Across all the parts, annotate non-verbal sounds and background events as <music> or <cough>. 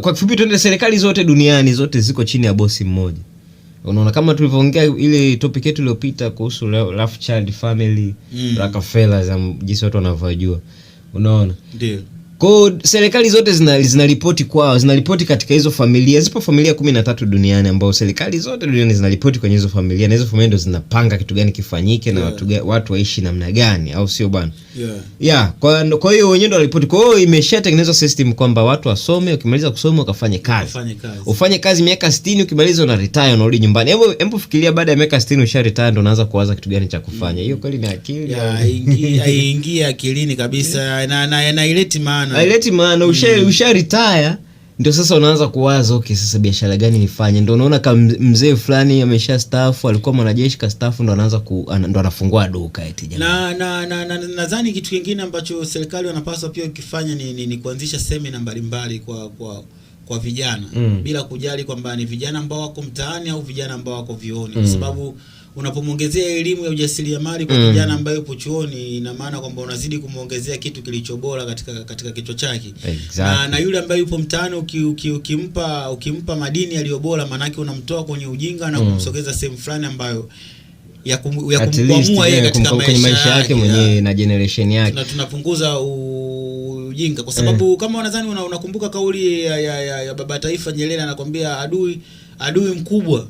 Kwa kifupi, tuende, serikali zote duniani zote ziko chini ya bosi mmoja. Unaona, kama tulivyoongea ile topic yetu iliyopita kuhusu Rothschild family, mm. Rockefeller, jinsi watu wanavyojua, unaona ndio kwa serikali zote zinaripoti zina kwao, zinaripoti katika hizo familia. Zipo familia kumi na tatu duniani ambao serikali zote duniani zinaripoti kwenye hizo familia, na hizo familia ndo zinapanga kitu gani kifanyike yeah. na watu, watu waishi namna gani, au sio bwana? Yeah. Yeah, kwa kwa hiyo wenyewe ndo wanaripoti. Kwa hiyo imeshatengenezwa system kwamba watu wasome, ukimaliza kusoma ukafanye kazi. Ufanye kazi. Ufanye kazi miaka 60, ukimaliza una retire unarudi nyumbani. Hebu hebu fikiria baada ya miaka 60 usha retire ndo unaanza kuwaza kitu gani cha kufanya. Hiyo mm. kweli ni akili. Yeah, <laughs> haingii akilini kabisa. na eh? na na, na ileti maana aileti Haileti maana usha mm. usha retire ndio sasa unaanza kuwaza okay, sasa biashara gani nifanye? Ndio unaona ka mzee fulani amesha stafu alikuwa mwanajeshi ka staafu, ndo anaanza ku ndo anafungua duka eti jamaa. Na na na, na, na kitu kingine ambacho serikali wanapaswa pia kufanya ni, ni, ni kuanzisha semina mbalimbali kwa kwa kwa vijana mm. bila kujali kwamba ni vijana ambao wako mtaani au vijana ambao wako vioni mm. kwa sababu unapomwongezea elimu ya ujasiriamali kwa mm. kijana ambaye yupo chuoni, ina maana kwamba unazidi kumwongezea kitu kilicho bora katika katika kichwa chake exactly. na, na yule ambaye yupo mtaani uki, uki, ukimpa ukimpa madini yaliyo bora, maanake unamtoa kwenye ujinga na mm. kumsogeza sehemu fulani ambayo ya, kum, ya kumkwamua yeye katika maisha, maisha yake mwenyewe na generation yake, na tunapunguza ujinga kwa eh. sababu eh. kama nadhani unakumbuka kauli ya, ya, ya, ya baba taifa Nyerere anakwambia adui adui mkubwa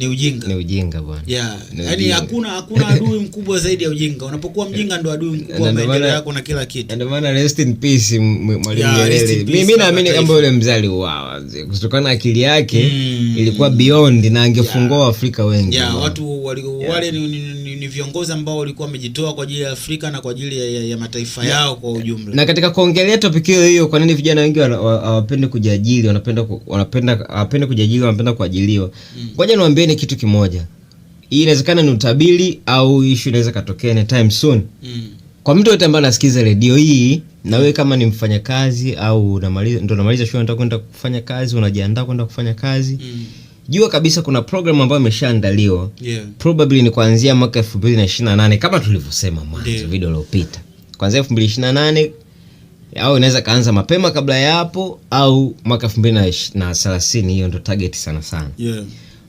ni ujinga, ni ujinga bwana. Yeah, yaani hakuna hakuna adui mkubwa zaidi ya ujinga. Unapokuwa mjinga ndo adui mkubwa wa maendeleo yako na kila kitu. Ndio maana rest in peace Mwalimu Nyerere. Mimi naamini kwamba yule mzali mzee kutokana na akili yake mm, ilikuwa beyond na angefungua yeah, Afrika wengi. Yeah, watu wali, wale ni ni viongozi ambao walikuwa wamejitoa kwa ajili ya Afrika na kwa ajili ya, ya, ya mataifa yeah, yao kwa ujumla. Na katika kuongelea topic hiyo hiyo, kwa nini vijana wengi hawapendi kujiajiri, wanapenda wanapenda hawapendi kujiajiri, wanapenda kuajiliwa? Hmm. Ngoja mm, niwaambieni kitu kimoja, hii inawezekana ni utabiri au issue inaweza katokea time soon mm. Kwa mtu yote ambaye anasikiza redio hii na wewe kama ni mfanyakazi au unamaliza ndo unamaliza shule unataka kwenda kufanya kazi, unajiandaa kwenda kufanya kazi mm jua kabisa kuna program ambayo imeshaandaliwa yeah. Probably ni kuanzia mwaka 2028 kama tulivyosema mwanzo yeah. Video iliyopita kuanzia 2028 au inaweza kaanza mapema kabla ya hapo au mwaka 2030. Hiyo ndo target sana sana yeah.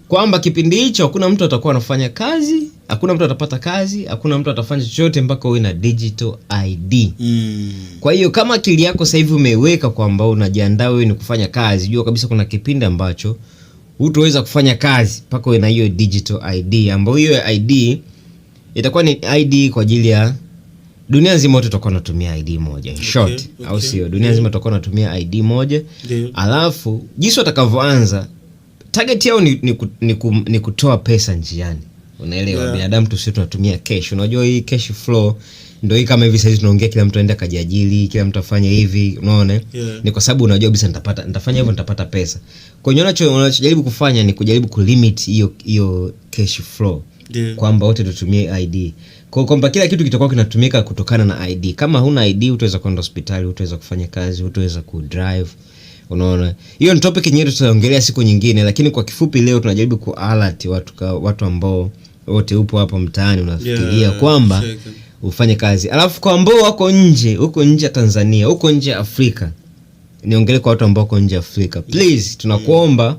Kwamba kipindi hicho hakuna mtu atakuwa anafanya kazi, hakuna mtu atapata kazi, hakuna mtu atafanya chochote mpaka uwe na digital ID mm. Kwa hiyo kama akili yako sasa hivi umeiweka kwamba unajiandaa wewe ni kufanya kazi, jua kabisa kuna kipindi ambacho hutoweza kufanya kazi mpaka uwe na hiyo digital ID, ambayo hiyo ID itakuwa ni ID kwa ajili ya dunia nzima wote tutakuwa tunatumia ID moja in short, okay, okay, au sio? Dunia nzima tutakuwa tunatumia ID moja Deo. Alafu jinsi watakavyoanza target yao ni, ni, ni, ni kutoa pesa njiani, unaelewa yeah. Binadamu tusio tunatumia cash, unajua hii cash flow ndio hii kama hivi sasa tunaongea, kila mtu aende akajiajiri, kila mtu afanye hivi, unaona yeah. Ni kwa sababu unajua kabisa nitapata nitafanya hivyo nitapata pesa. Kwa hiyo unacho unachojaribu kufanya ni kujaribu ku limit hiyo hiyo cash flow yeah. Kwamba wote tutumie ID kwa kwamba kila kitu kitakuwa kinatumika kutokana na ID. Kama huna ID utaweza kwenda hospitali, utaweza kufanya kazi, utaweza ku drive Unaona, hiyo ni topic nyingine tutaongelea siku nyingine, lakini kwa kifupi leo tunajaribu ku alert watu, watu ambao wote upo hapo mtaani unafikiria yeah, kwamba ufanye kazi. Alafu kwa ambao wako nje, huko nje ya Tanzania, huko nje ya Afrika, niongele kwa watu ambao wako nje ya Afrika, please, tunakuomba mm.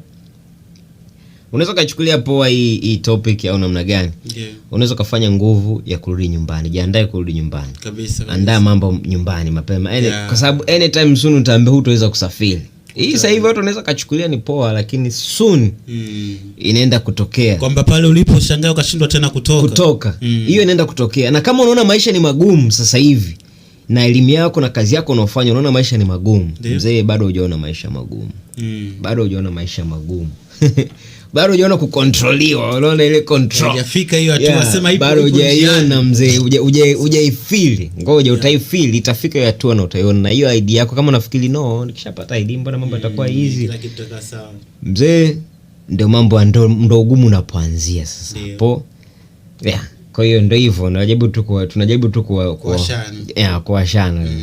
unaweza ukachukulia poa hii hii topic au namna gani? Yeah. Unaweza ukafanya nguvu ya kurudi nyumbani, jiandae kurudi nyumbani kabisa, kabisa. Andaa mambo nyumbani mapema, yeah. Kwa sababu anytime soon utaambia hutaweza kusafiri hii sasa hivi watu wanaweza kachukulia ni poa, lakini soon mm. inaenda kutokea kwamba pale ulipo shangaa ukashindwa tena kutoka kutoka mm. hiyo mm. inaenda kutokea, na kama unaona maisha ni magumu sasa hivi na elimu yako na kazi yako unaofanya unaona maisha ni magumu mzee, bado hujaona maisha magumu mm. bado hujaona maisha magumu <laughs> bado hujaona kukontroliwa, unaona ile control hujafika hiyo hatua, sema ipo bado hujaiona mzee, hujaifili. Ngoja utaifili, itafika hiyo hatua na utaiona. Na hiyo idea yako, kama unafikiri no, nikishapata idea mbona mambo yatakuwa hizi mm, mzee, ndio mambo ndo ugumu unapoanzia sasa hapo. Yeah, kwa hiyo ndio hivyo, tunajaribu tu tunajaribu tu kuwashana, yeah kuwashana. Mm.